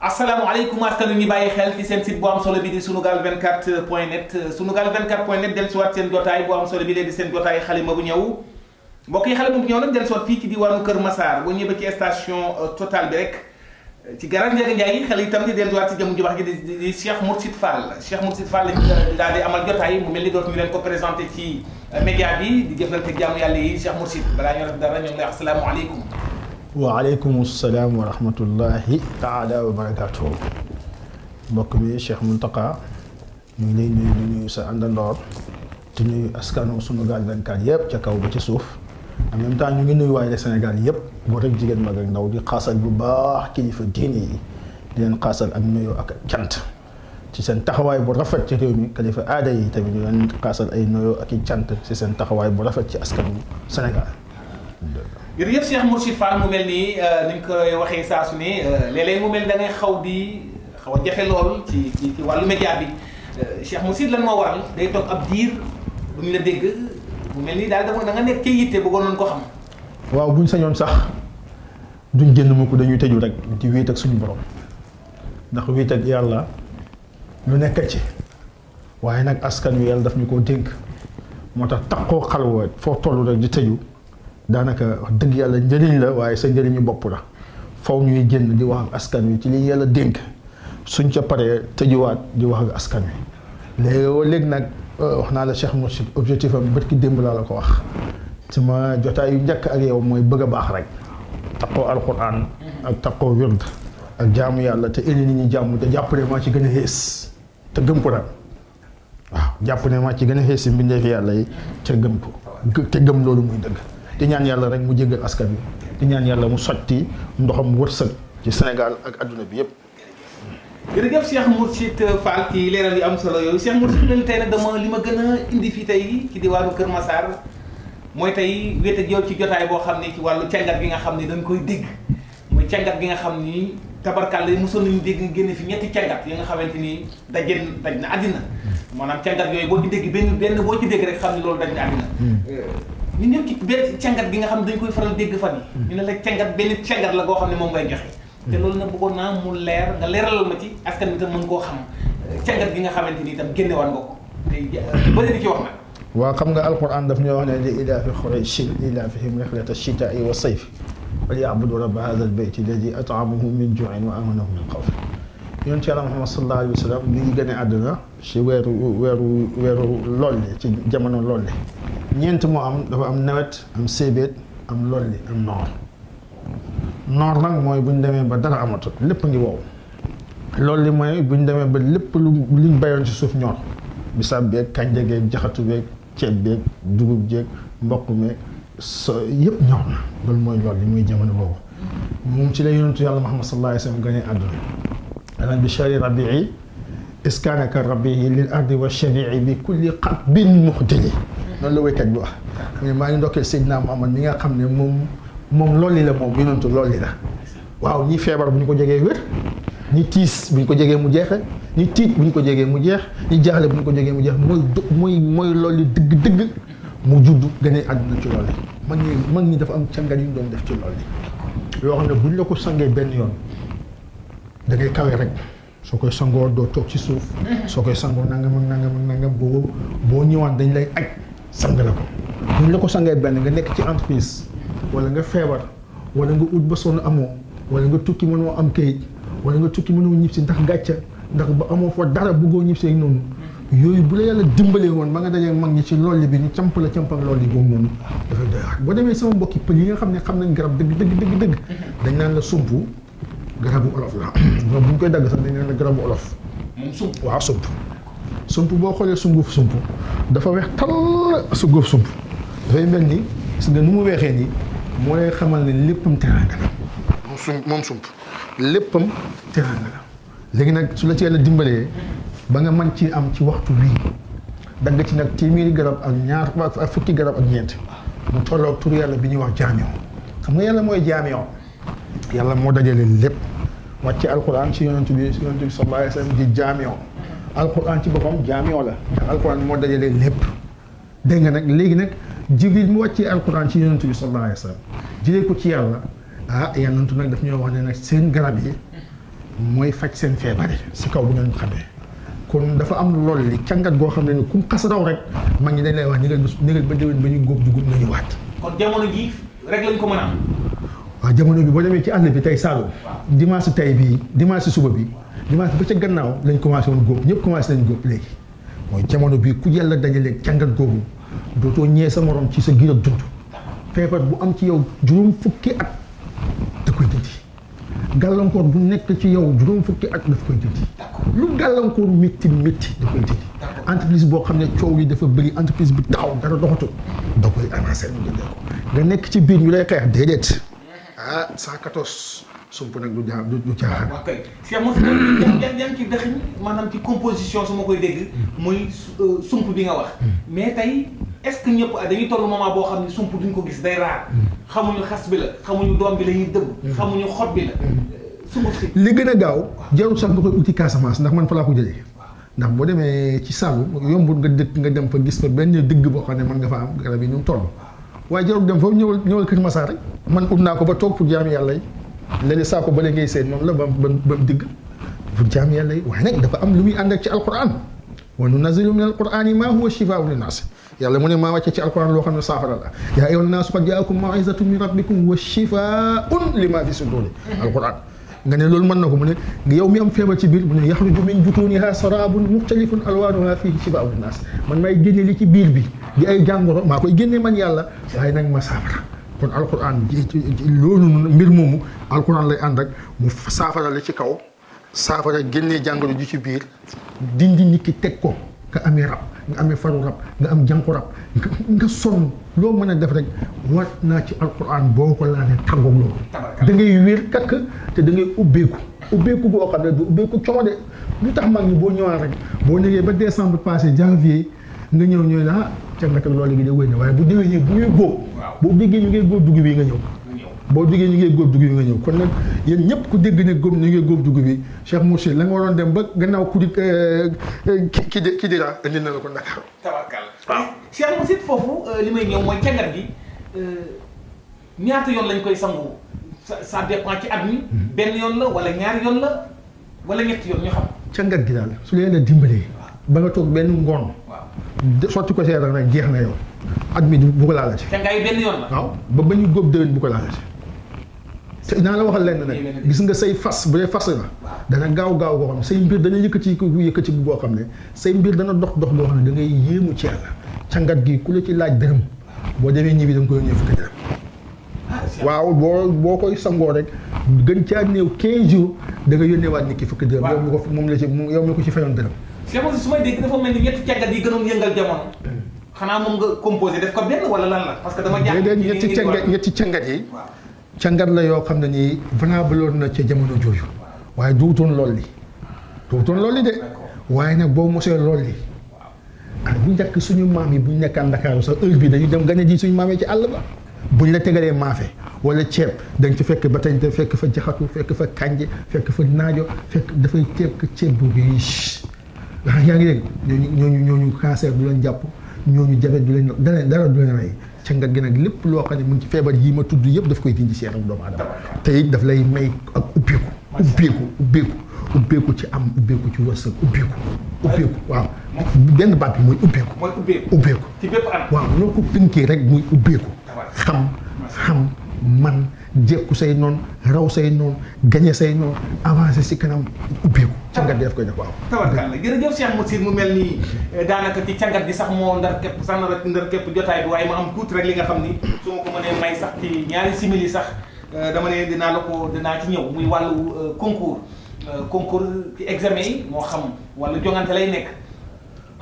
asalaamaaleykum askan ñu bàyyi xel ci seen site bu am solo bi di sunugal 24 point net sunugal 24 point net dellusiwaat seen jotaay bu am solo bi léegi seen jotaay xalima bu ñëw mbokk yi xalima bu ñëw Kër Massar boo ñëwee station euh, Total bi ci garage Ndiaga Ndiaye xel itam di dellusiwaat ci jëm ju di di Cheikh Mourchid Fall Cheikh Mourchid Fall lañu euh, daal amal jotaay mu mel ni dootuñu leen ko présenté ci euh, média bi di jëflante ak jaamu yàlla yi Cheikh Mourchid waaleykum salaam wa rahmatullahi taala wa barakaatuhu mbokk mi Cheikh Mountakha ñu ngi lay nuyu sa àndandoor te nuyu askanu Sunugal 24 yëpp ca kaw ba ci suuf en même temps ngi nuyu waaye Sénégal yëpp góor ak jigéen mag ak ndaw di xaasal bu baax kilifa diine yi di leen xaasal ak nuyoo ak cant ci seen taxawaay bu rafet ci kilifa aada yi tamit di leen xaasal ay nuyoo ak i cant ci seen taxawaay bu rafet ci askanu Sénégal. jërëjëf Cheikh Mourchid Fall mu mel nii euh, ni ñu koy waxee saa su ne euh, léeg-léeg mu mel da ngay xaw bi xaw a jafe lool ci ci ci wàllu média bi euh, Cheikh Mourchid lan moo waral day toog ab diir bu ñu la dégg mu mel nii daal da nga nekk ci yitte bëggoon ko xam. waaw bu sañoon sax duñ génn dañuy tëju rek di wéet ak suñu borom ndax wéet yàlla lu nekk ci waaye nag askan wi yàlla daf ñu koo dénk moo tax taxoo xalwa foo tollu rek di tëju. daanaka wax dëgg yàlla njëriñ la waaye sa njëriñu bopp la faw ñuy génn di wax askan wi ci li yàlla dénk suñ ca paree tëjuwaat di wax askan wi léegi léegi nag euh, wax naa la Cheikh Mourchid objectif am bët ki démb laa la ko wax sama jotaay yu njëkk ak yow mooy bëgg a baax rek taqoo alquran ak taqoo wird ak jaamu yàlla te indi nit ñi jàmm te jàpp ne maa ci gën a xees te gëmp ko daal waaw jàpp ne maa ci gën a xees yi mbindeef yàlla yi te gëm ko te gëm loolu muy dëgg di ñaan yàlla rek mu jéggal askan bi di ñaan yàlla mu sotti ndoxam wërsëg ci Sénégal ak adduna bi yëpp. jërëjëf Cheikh Mourchid Fall ci leeral yi am solo yooyu Cheikh Mourchid mel tey nag dama li ma gën a indi fii tey ci diwaanu Kër Massar mooy tey wéet ak ci jotaay boo xam ne ci wàllu càngat bi nga xam ne dañ koy dégg muy càngat gi nga xam ni tabarkàlla mosoon nañu dégg nga génne fi ñetti càngat yi nga xamante ni daje daj na àddina mm. maanaam càngat yooyu boo ci dégg benn benn boo ci dégg rek xam ne loolu daj na àddina mm. euh, ñu ñëw ci benn càngat gi nga xam ne dañ koy faral dégg fan yi hmm. ñu ne la càngat benn càngat la goo xam ne moom ngay joxe te hmm. loolu nag bëggoon naa mu leer nga leeralal ma ci askan bi tam mën koo xam càngat gi nga xamante ni itam génne waan nga ko te bëri di ci wax nag waaw xam nga alquran daf ñoo wax ne li ilaafi qurayshin ilaafihim rihlata shitaai wa sayf falyabudu rabba hada albayt alladi at'amahum min juin wa amanahum min xawf yonent Yàlla Muhammad sallallahu alayhi wa sallam mi ngi gën a àdduna ci weeru weeru weeru lolli ci jamono lolli ñeent moo am dafa am nawet am séebéet am lool lolli am noor noor nag mooy bu demee ba dara amatul lépp a ngi wow lolli mooy bu ñu demee ba lépp lu luñ bayoon ci suuf ñor bisaab beeg kànja geeg jaxatu beeg ceeb beeg dugub jeeg mboq meeg so yëpp ñor na loolu mooy lolli muy jamono boobu moom ci la yonentu Yàlla Muhammad sallallahu alayhi wa sallam gën a àdduna أنا بشار ربيعي إسكانك ay للأرض والشفيع بكل قطب مهدل noonu la wéykat bi wax mu ne maa ngi ndokkeel Seydina Muhammad mi nga xam ne moom moom loolu la moom yonentu loolu la waaw ñi feebar bu ñu ko jegee wér ñi tiis bu ñu ko jegee mu jeex ñi tiit bu ñu ko jegee mu jeex ñi jaaxle bu ñu ko jegee mu jeex mooy du mooy mooy loolu dëgg dëgg mu judd gënee a ci loolu mag ñi mag ñi dafa am cangat yu ñu doon def ci lool loolu yoo xam ne bu ñu la ko sangee benn yoon da ngay kawe rek soo koy sangoo doo toog ci suuf soo koy sangoo nangam ak nangam ak nangam boo boo ñëwaan dañ lay aj sang la ko buñ la ko sangee benn nga nekk ci entreprise wala nga feebar wala nga ut ba sonn amoo wala nga tukki mënoo am kayit wala nga tukki mënoo ñib si ndax gàcca ndax ba amoo fa dara bëggoo ñib see noonu yooyu bu la yàlla dimbalee woon ma nga dajee mag ñi ci loolu bi ñu camp la campal loolu boobu noonu dafay doy waar boo demee sama mbokki pël yi nga xam ne xam nañ garab dëgg dëgg dëgg dëgg dañ naan la sump garabu olof la moom bu ñu koy dagg sax dañ ne garabu olof. moom sump waaw sump. sump boo xoolee sunguf sump dafa weex tal sunguf sump dafay mel ni su nga nu mu weexee nii moo lay xamal ne léppam teraanga la. moom sump moom sump léppam teraanga la léegi nag su la ci yàlla dimbalee ba nga mën ci am ci waxtu wii dagg ci nag téeméeri garab ak ñaar ak fukki garab ak ñeent mu tolloog tur yàlla bi ñuy wax jaamiyoo xam nga yàlla mooy jaamiyoo. que yàlla moo dajale lépp wàcce alquran ci yonent bi ci yonent bi sallallahu alayhi wa sallam di jaamion alquran ci boppam jaamion la ndax alquran moo dajale lépp dégg nga nag léegi nag jibril mu wàccee alquran ci yonent bi sallallahu alayhi wa ko ci yàlla ah yonent nag daf ñoo wax ne nag seen garab yi mooy faj seen feebar si kaw bu ngeen xamee kon dafa am lool li càngat goo xam ne ni kum xasaraw rek mag ñi dañ lay wax ni nga ni nga ba déwén ba ñu góob dugub nañu waat kon jamono ji rek lañ ko mën waaw jamono bi boo demee ci àll bi tey Saalum dimanche tey bii dimanche suba bi dimanche ba ci gannaaw lañ commencé woon góob ñëpp commencé nañ góob léegi mooy jamono bii ku yàlla dajalee càngat googu dootoo ñee sa morom ci sa giir ak dund feebar bu am ci yow juróom fukki at da koy dindi gàllankoor bu nekk ci yow juróom fukki at daf koy dindi lu gàllankoor métti métti da koy dindi entreprise boo xam ne coow li dafa bëri entreprise bi taxaw dara doxatul da koy avancé nga nekk ci biir ñu lay xeex déedéet ah 114 sump nag du jaa du caaxaan. Ah, waaw kay ci dëxiñ maanaam ci composition su ma koy dégg. muy euh, sump bi nga wax. mais tey est-ce que ñëpp ah, dañuy toll moment boo xam ne sump duñ ko gis day raar. xamuñu xas bi la xamuñu doom bi la ñuy dëbb. xamuñu xot bi la. Euh, li gën a gaaw jarul sax nga koy uti Casamance ndax man fa laa ko jëlee ndax boo demee ci Saalum yombul nga dëkk nga dem fa gis fa benn dëgg boo xam ne mën nga fa am garab yi ñu toll. waaye jarul dem foofu ñëwal ñëwal Kër Masaar rek man ut naa ko ba toog pour jaami yàlla yi léegi saako ba ngay seen moom la ba ba ba digg pour jaami yàlla yi waaye nag dafa am lu muy ànd ak ci alquran wa nunazzilu min alqurani ma huwa shifaau linnaas yàlla mu ne maa wàcce ci alquran loo xam ne saafara la yaa ayyuha nnaasu qad jaakum mawizatun min rabbikum wa shifaun lima fi suduri alquran nga ne loolu mën na ko mu ne yow mi am feebar ci biir mu ne yaxruju min butuniha sarabun muxtalifun alwanuha fihi shifaau linnaas man may génne li ci biir bi di ay jàngoro maa koy génnee man yàlla waaye nag ma saafara kon alquran loolu mbir moomu alquran lay ànd ak mu saafara la ci kaw saafara génnee jàngoro ju ci biir dindi nit ki teg ko nga amee rab nga amee faru rab nga am jànku rab nga sonn loo mën a def rek wat naa ci alquran boo ko laa ne tàggoog loolu da wér kakk te da ngay ubbeeku ubbeeku boo xam ne du ubbeeku coono de lu tax mag ñi boo ñëwaat rek boo nekkee ba décembre passé janvier nga ñëw ñooy la ah ceeb naka loolu léegi de wéy na waaye bu déwénee bu ñuy góob. waaw boo déggee ñu ngi góob dugub yi nga ñëw. boo déggee ñu ngi góob dugg yi nga ñëw kon nag yéen ñëpp ku dégg ne góob góob dugub yi Cheikh Mourchid la nga waroon dem ba gannaaw ku di euh, euh, ki ki dira indi na la ko Ndakaaru. tabarkalla waaw Cheikh Mourchid foofu euh, li may ñëw mooy càngat gi ñaata yoon lañ koy sangu ça dépend ci at mi. Mm-hmm. benn yoon la wala ñaari yoon la wala yoon ñu xam. càngat gi daal su leen la dimbalee. ba nga toog benn ngoon sotti ko seetal rek jeex na yow at mi bu ko laalati. ci ngay benn waaw ba ba ñu góob déwén bu ko laalati. te naa la waxal lenn nag gis nga say fas bu dee fas la dana gaaw gaaw boo xam ne say mbir dana yëkkati yëkkati boo xam ne say mbir dana dox dox boo xam ne dangay ngay yéemu ci yàlla càngat gi ku la ci laaj dërëm boo demee ñibbi da ko koy fukki dërëm ah, waaw boo boo koy sangoo rek gën caa néew 15 jours da nga nit ki fukki dërëm yow mi ko moom la ci yow mi ko ci fayoon dërëm Cheikh si su may dégg dafa mel ni ñetti càggat yi gënoon yëngal jamono. xanaa moom nga composé def ko benn wala lan la parce que dama. jaaxle ci ñetti ñetti càggat yi. càngat la yoo xam ne nii valable na ca jamono jooju. waaye duutoon lool li duutoon lool li de. waaye nag boo mosee lool li bu njëkk suñu maam bu ñu nekkaan Ndakaaru sax bi dañu dem gane ji suñu maam yi ci àll ba. buñ la tegalee maafe wala ceeb dañ ci fekk batañ te fekk fa jaxatu fekk fa kànje fekk fa naajo fekk dafay teg ceeb bu riche yaa ngi dégg ñooñu ñooñu ñooñu cancer du leen jàpp ñooñu jabet du leen dara dara du leen rey ca nga gën ak lépp loo xam ne mu ngi ci feebar yii ma tudd yëpp daf koy dindi ci yaram doomu aadama tey it daf lay may ak ubbeeku ubbeeku ubbeeku ci am ubbeeku ci wërsëg ubbeeku ubbeeku waaw benn baat bi mooy ubbeeku ubbeeku waaw noo ko pinkee rek muy ubbeeku xam xam man jékku say noonu raw say noonu gañe say noonu avancé si kanam ubbeeku càngat bi daf koy def waaw tabarkalla jërëjëf Cheikh Moussir mu mel nii eh, daanaka ci càngat gi sax moo a ndar képp jotaay bi waaye ma am tuuti rek li nga xam ni su ma ko mënee may sax ci ñaari simili sax eh, dama ne dinaa la ko dinaa ci ñëw muy wàllu eh, concours concours ci examen yi moo xam wala jongante lay nekk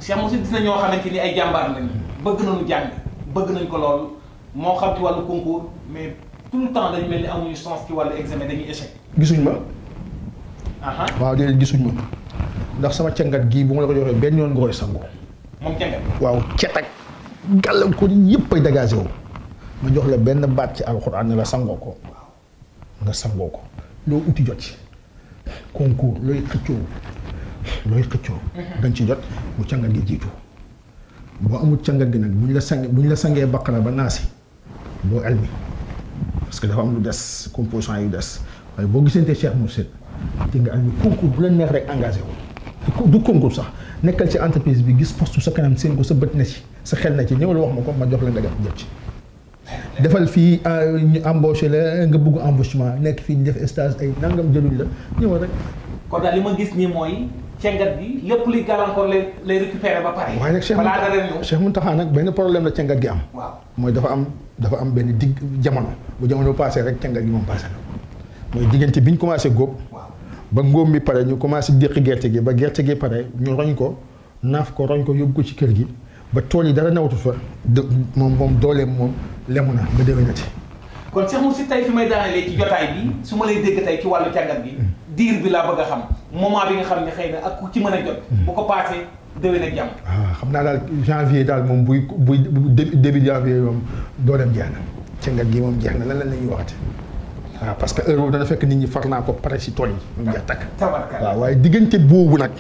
Cheikh Moussir gis na ñoo xamante ni ay jàmbaar lañ bëgg nañu jàng bëgg nañ ko lool moo xam ci wàllu concours mais tout le temps dañu mel ni amuñu chance ci wàllu examen dañuy échec. gisuñ ma. waaw déedéet gisuñ ma ndax sama cengat gii bu ma la ko joxee benn yoon nga koy sangu. waaw cet ak gàllankoor yi yëpp dégagé wu ma jox la benn baat ci alxuraan na la sangoo ko nga ko loo uti jot ci concours looy xëccoo looy xëccoo. Mhm. dañ ci jot bu càngat gi jiitu boo amul càngat gi nag buñ la sang buñ la sangee baqara ba naasi doo almi. parce que dafa am lu des composant yu des waaye boo gisante Cheikh Mourchid di nga am ni concours bu la neex rek engagé wu du concours sax nekkal ci entreprise bi gis poste sa kanam seen ko sa bët na ci sa xel na ci ñëwal wax ma ko ma jox la nga def jot ci defal fii ah, ñu embauché la nga bëgg embauchement nekk fii ñu def estage ay nangam jëluñ la ñëwal rek kon daal li ma gis nii mooy cengat gi lépp li gàllankoor lay lay récupérer ba pare. waaye nag Cheikh Mountakha benn problème la cengat gi am. waaw am. dafa am benn digg jamono bu jamono passé rek càngat gi moom passé na mooy diggante bi ñu commencé góob ba ngóob mi pare ñu commencé déqi gerte gi ba gerte gi pare ñu roñ ko naaf ko roñ ko yóbbu ko ci kër gi ba tool yi dara nawatu fa de moom moom dooleem moom lemu na ba déwénati kon Cheikh si tey fi may daanelee ci jotaay bi su ma lay dégg tey ci wàllu càngat bi mm. diir bi laa bëgg a xam moment bi nga xam ne xëy na ak ku ci mën a jot mm. bu ko passé déwén ah, xam naa daal janvier daal moom buy buy début janvier moom dooleem jeex na. cëngat gi moom jeex na lan la ñuy waxati waaw ah, parce que heure boobu dana fekk nit ñi far naa ko pare si tool yi. Ah, mu jeex takk waaw waaye diggante boobu nag.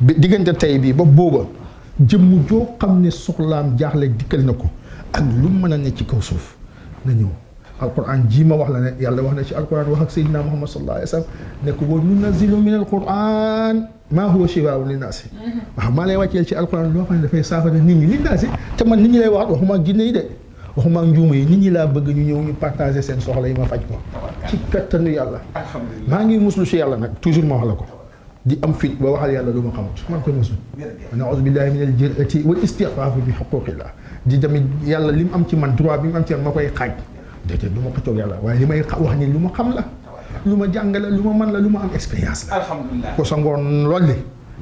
diggante tey bii ba booba jëmm joo xam ne soxlaam jaaxle dikkal na ko ak lu mën a ne ci kaw suuf na ñëw. alquran jii ma wax la ne yàlla wax na ci alquran wax ak sayyidina Muhammad sallallahu alayhi wa sallam ne ko wa nunazzilu min alquran maa huwa shifaa'un linnaasi waaw maa lay wàcceel ci alxuraan dafay saafara nit ñi linnaasi te man nit ñi lay wax waxuma ak jinne yi de yi nit ñi laa bëgg ñu ñëw ñu partager seen soxla yi ma faj ko ci kattanu yàlla maa ngi muslu si yàlla nag toujours ma wax la ko di am fit ba waxal yàlla lu ma xam maa ngi koy muslu na'uuzu billaahi minal jur'ati wal istixfaafi bi huquuqillah yàlla li mu am ci man droit bi mu ma koy xaaj déedéet du ma ko toog yàlla waaye li may wax nii lu ma xam la lu ma jàngale lu ma mën la lu ma am expérience la. alhamdulilah ku sangoon lool li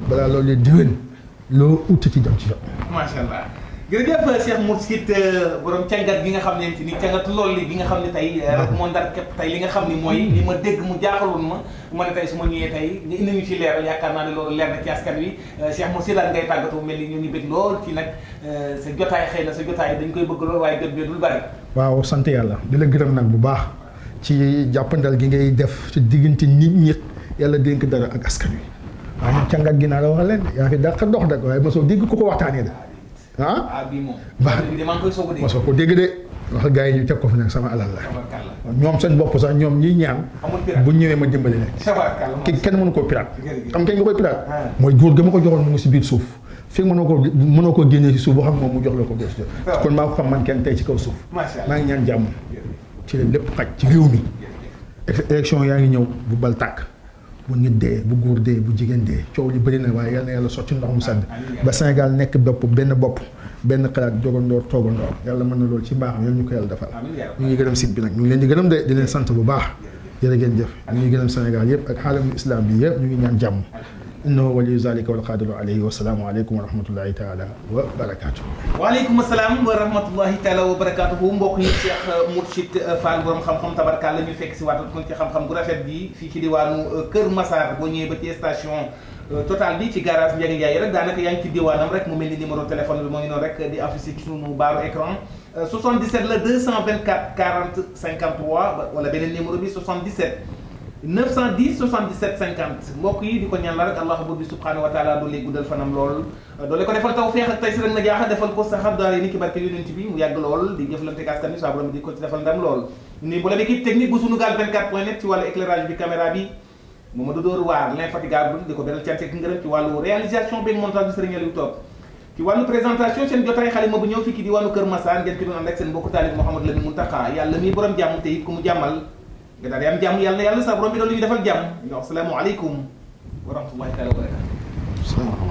balaa loolu di déwén loo uti ci jam ci yow. macha allah jërëjëf Cheikh Mourchid euh, borom càngat gi nga xam ne ni càngatu lool li bi nga xam ne tey. Euh, moo ndar képp tey li nga xam ni mooy. li ma dégg mu jaaxaloon ma. ma ne tey su ma ñëwee tey nga indi ñu ci leeral yaakaar naa ne loolu leer na ci askan wi euh, Cheikh Mourchid daal ngay tàggatoo mel ni ñu lool ci nag sa jotaay xëy na sa jotaay dañ koy bëgg lool waaye gën bee dul bari. waaw sant yàlla di la gërëm nag bu baax ci jàppandal gi ngay def ci diggante nit ñi yàlla dénk dara ak askan wi waaye nag càngat gi naa la wax leen yaa fi dàq dox dag waaye mosoo dégg ku ko waxtaanee de ah. ah mosoo ko dégg de wax gaa yi ñu teg ko fi nag sama alal la ñoom seen bopp sax ñoom ñi ñaan bu ñëwee ma dimbali leen ki kenn mënu koo piraat xam kenn nga koy piraat ah. mooy góor ga ma ko joxoon mu ngi si biir suuf fii mënoo ko mënoo ko génnee si suuf boo xam moom mu jox la ko ah. kon maa ko xam man kenn tey ci kaw suuf maa jàmm ci la lépp xaj ci réew mi élection yaa ngi ñëw bu bal tàkk bu nit dee bu góor dee bu jigéen dee coow li bari na waaye yal yàlla sotti ndox mu sedd ba Sénégal nekk bopp benn bopp benn xalaat jogandoor toogandoor yàlla mën na loolu ci mbaaxam yal ñu ko yàlla defal ñu ngi gërëm site bi nag ñu leen di gërëm de di sant bu baax jërë ngeen jëf ñu ngi gërëm Sénégal yëpp ak xaalamu islam bi yëpp ñu ngi ñaan jàmm innahu waliyu zalika wal qadiru alayhi wa salaamu aleykum wa rahmatullahi taala wa barakaatu. waaleykum salaam wa rahmatullahi taala wa barakaatu mbokk yi Cheikh Mourchid Fall borom xam-xam tabarkalla ñu fekk si waatal kon ci xam-xam bu rafet bi fii ci diwaanu euh, Kër Massar boo ñëwee ba ci station. Euh, total bi ci garage Ndiaga Ndiaye rek daanaka yaa ngi ci diwaanam rek mu mel ni numéro téléphone bi moo ngi noonu rek di affiché ci sunu baaru écran 77 euh, la 224 40 53 wala beneen numéro bi 77 910 77 50 mbokk yi di ko ñaan la rek allah buur bi subhanahu wa taala doole guddal fanam lool euh, doole ko defal taw feex ak tay si rek na jaaxa defal ko saxar daal yi ni ki barke yonent bi mu yàgg lool di jëflante ak askan bi saa borom di ko ci defal ndam lool ni bu la équipe technique bu sunu gaal 24 point net ci wàllu éclairage bi caméra bi Mamadou Dóor waar l'infatigable di ko beral bu ñëw fii ci diwaanu Kër Massar nga daal di am jàmm yàlla na yàlla sa borom bi doon lu ñu defal jàmm ñu wax salaamaaleykum wa rahmatullahi taala wa barakatu